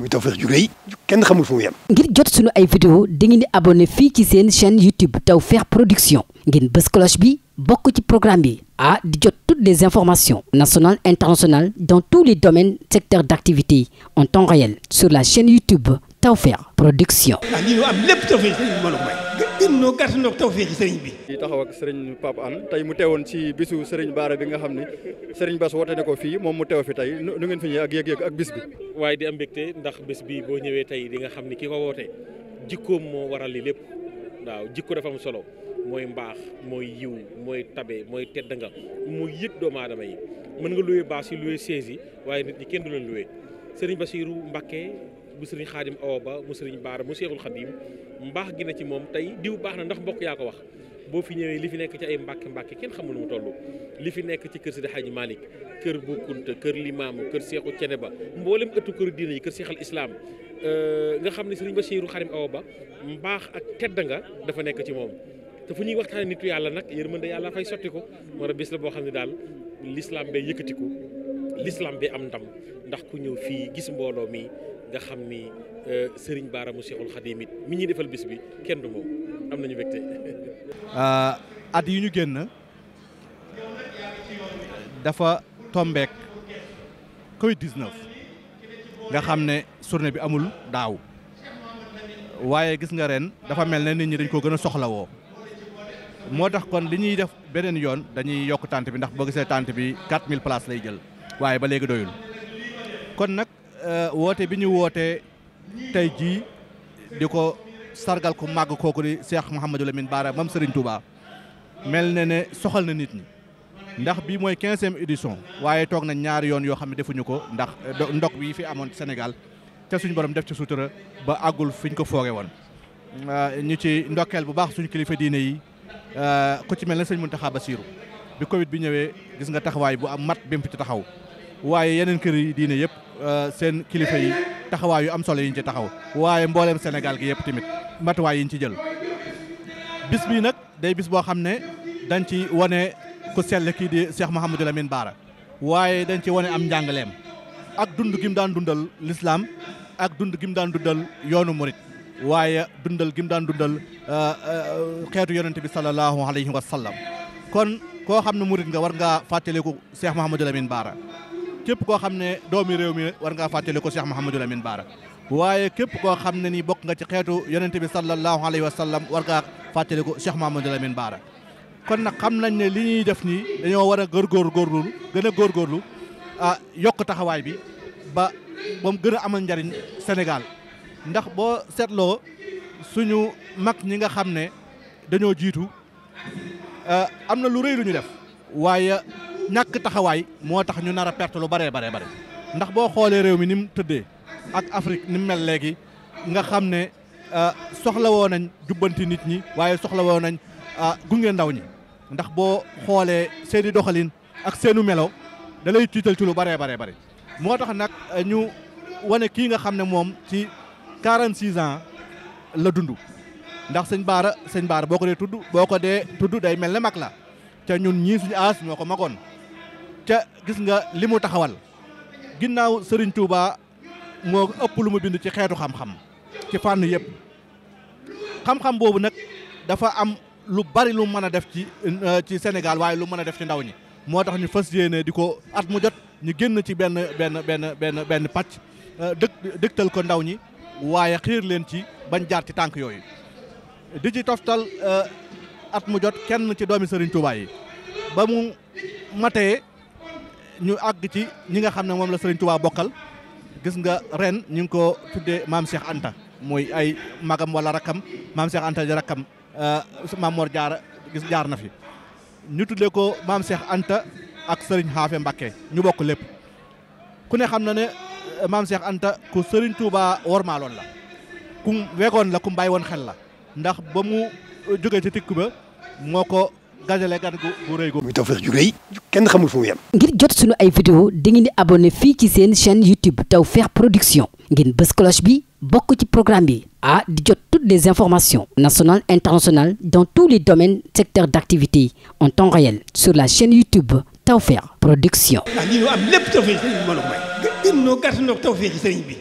muy Tawfekh ju rëy kenn xamul fu mu yem. ngir jot sunu ay vidéo dangeen di abonné fii ci seen chaîne YouTube Tawfekh Production ngeen bës bi bokk ci programme bi ah di jot toutes les informations nationales internationales dans tous les domaines secteurs d'activité en temps réel sur la chaîne YouTube Tawfekh Production. ah lii ñu am lépp Tawfekh sëriñ bi mbooloo mooy. sëriñ bi. di taxaw ak sëriñ Pape Hann tey mu teewoon ci bisu sëriñ Baara bi nga xam ne sëriñ Bass woote na ko fii moom waaye di am mbégte ndax bés bii boo ñëwee tey di nga xam ni ki ko woote jikkoom moo waral li lépp waaw jikko dafa am solo mooy mbaax mooy yiw mooy tabe mooy tedd nga mooy yëg doomu aadama yi mën nga luwee baas yi luwee sees waaye nit ñi kenn du leen luwee sëriñ Basiiru mbakke bu sëriñ Xaadim Awa Ba mu sëriñ Baara mu Seexul Xaadim mbaax gi na ci moom tey diw baax na ndax mbokk yaa ko wax boo fi ñëwee li fi nekk ci ay mbàkki mbàkki kenn xamul mu toll li fi nekk ci kër Sidi Hadji Malick kër Bu Kunta kër Limaamu kër Seexu Ceneba mboolem ëttu kër diine yi kër Seexal Islaam euh, nga xam ne Sëriñ Basiiru Xarim aw Ba mbaax ak tedd nga dafa nekk ci moom te fu ñuy waxtaane nitu yàlla nag mën yërmande yàlla fay sotti ko moo tax bis la boo xam ne daal lislaam bee yëkkatiku l'islam bee am ndam ndax ku ñëw fii gis mbooloo mi nga xam ni euh, sëriñ baaramu Seexul Xadiim it mi ñuy defal bis bi kenn du moom am nañu mbégte. Euh, at yi ñu génn dafa tombeek Covid 19 nga xam ne journée bi amul daaw waaye gis nga ren dafa mel ne nit ñi dañ koo gën a woo moo tax kon li ñuy def beneen yoon dañuy yokk tànt bi ndax boo gisee tànt bi 4000 places lay jël waaye ba léegi doyul kon nag euh, woote bi ñu woote tey jii di ko. sargal ku màgg kooku di Cheikh Mouhamadou Lamine Bara moom Serigne Touba mel na ne soxal na nit ñi ndax bii mooy quinzième édition waaye toog na ñaari yoon yoo xam ne defuñu ko ndax eh, ndok bi fi amoon Sénégal te suñu borom def ci sutura ba àggul fiñ ko fooge woon euh, ñu ci ndokkeel bu baax suñ kilifa diine yi euh, ku ci mel ne sëñ Mountakha Bassirou bi Covid bi ñëwee gis nga taxawaay bu am mat bi mu fi taxaw waaye yeneen kër yi diine yëpp euh, seen kilifa yi taxawaay yu am solo yiñ ci taxaw waaye mbooleem Sénégal gi yëpp tamit matuwaay yi ñu ci jël. bis bii nag day bis boo xam ne dañ ci wane ku sell kii di Cheikh Mouhamadou Lamine Bara waaye dañ ci wane am njàngaleem ak dund gi daan dundal lislaam ak dund gi mu daan dundal yoonu murit waaye dundal gi mu daan dundal euh, euh, xeetu yonente bi sallallahu alayhi wa sallam kon koo xam ne murit nga war ngaa fàttaliku Cheikh Mouhamadou Lamine Bara képp koo xam ne doomi réew mi war ngaa fàttali ko Cheikh Mouhamadul Amin Baara waaye képp koo xam ne ni bokk nga ci xeetu yonente bi sallallahu alayhi wa sallam war ngaa fàttali ko Cheikh Mouhamadul Amin Baara kon nag xam nañ ne li ñuy def nii dañoo war a góorgóor góorlu gën a góorgóorlu ah yokk taxawaay bi ba ba gën a amal njariñ Sénégal ndax boo seetloo suñu mag ñi nga xam ne dañoo jiitu ah, am na lu rëy lu ñu def waaye ñàkk taxawaay moo tax ñu nar a perte lu baree baree bare ndax boo xoolee réew mi ni mu tëddee ak Afrique ni mel léegi nga xam ne euh, soxla woo nañ jubbanti nit ñi waaye soxla woo nañ euh, gunge ndaw ñi ndax boo xoolee seeni doxalin ak seenu melo da lay tiital ci lu baree baree bare moo tax nag euh, ñu wane kii nga xam ne moom ci 46 ans la dund ndax sëñ Baara sëñ Baara boo ko dee tudd boo ko dee tudd day mel ne mag la te ñun ñii suñu aas ñoo ko magoon ca gis nga li mu taxawal ginnaaw Serigne Touba moo ëpp lu mu bind ci xeetu xam-xam ci fànn yëpp xam-xam boobu nag dafa am lu bari lu mën a def ci euh, ci Sénégal waaye lu mën a def ci ndaw ñi moo tax ñu fas yéene di ko at mu jot ñu génn ci benn benn benn benn benn pàcc euh, dëk dëktal ko ndaw ñi waaye xiir leen ci bañ jaar ci tànk yooyu di ci toftal euh, at mu jot kenn ci doomi Serigne Touba yi ba mu matee ñu àgg ci ñi nga xam ne moom la Serigne Touba bokkal gis nga ren ñu ngi ko tuddee maam seex Anta mooy ay magam wala rakkam maam seex Anta di rakkam euh, maam Mor Jaara gis jaar na fi ñu tuddee ko maam seex Anta ak Serigne Xaafe Mbakke ñu bokk lépp ku ne xam na ne euh, maam Cheikh Anta ku Serigne Touba wormaaloon la kum wegoon la kum bàyyi woon xel la ndax ba mu euh, jógee ci tikku ba moo ko dajale gan gu gu rëy gu. muy Tawfekh ju rëy kenn xamul fu mu ngir jot sunu ay vidéo dangeen di abonné fii ci seen chaîne YouTube Tawfekh Production ngeen bës bi bokk ci programme bi ah di jot toutes les informations nationales internationales dans tous les domaines secteurs d'activité en temps réel sur la chaîne YouTube Tawfekh Production. a ah, may. gën gën ñoo gàtt ñoo Tawfekh sëriñ bi.